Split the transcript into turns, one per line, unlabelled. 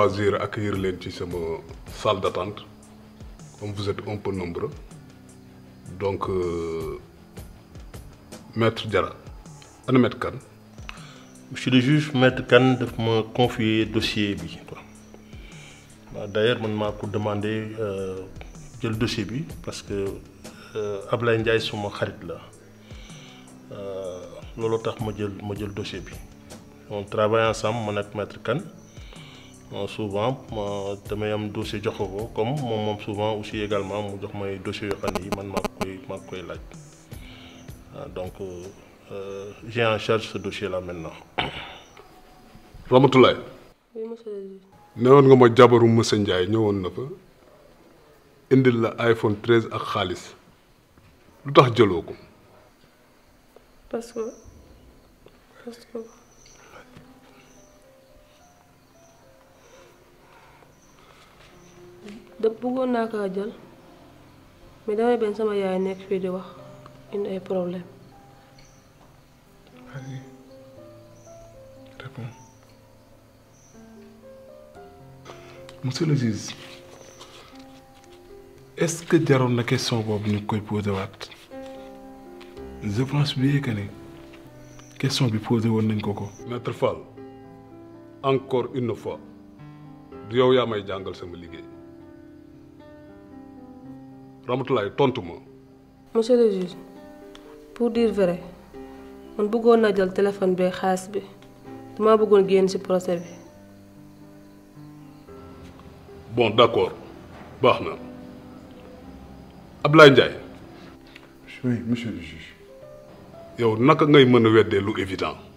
d'accueillir accueillir gens ci salle d'attente comme vous êtes un peu nombreux
donc euh, maître Diarra le maître Kan monsieur le juge maître Kan de me confier dossier bah, d'ailleurs je m'ai demander demandé euh, le dossier bi parce que euh, Ablaye Ndiaye suma mon la là. tax ma jël ma dossier bi on travaille ensemble mon maître Kan. Euh, souvent damay am dossier jox ko comme moom moom souvent aussi également mu jox may dossier yoo xam ne yi man maa koy maa euh, donc euh, j'ai en charge ce dossier là maintenant. Ramatoulaye.
oui monsieur le juge.
newoon nga ma jabaru monsieur Ndiaye ñëwoon na fa indil la iPhone 13 ak xaalis lu tax jëloo
parce que parce que. da bëggoon naa kaa jël mais damay benn sama yaay nekk fii di wax indi ay problème
vas-y réponds le juge ce que jaroon na question boobu ñu koy posé waat je pense bien que question bi posé woon nañ ko ko.
maître Fall encore une fois du yow yaa may jàngal sama liggéey. Ramatoulaye tontu ma.
monsieur le juge pour dire vrai man bëggoon naa jël téléphone bi xaalis bi dama bëggoon génn ci procès bi.
bon d'accord baax na Ablaye Ndiaye. oui monsieur le juge. Yo, naka ngay mën a weddee lu
évident.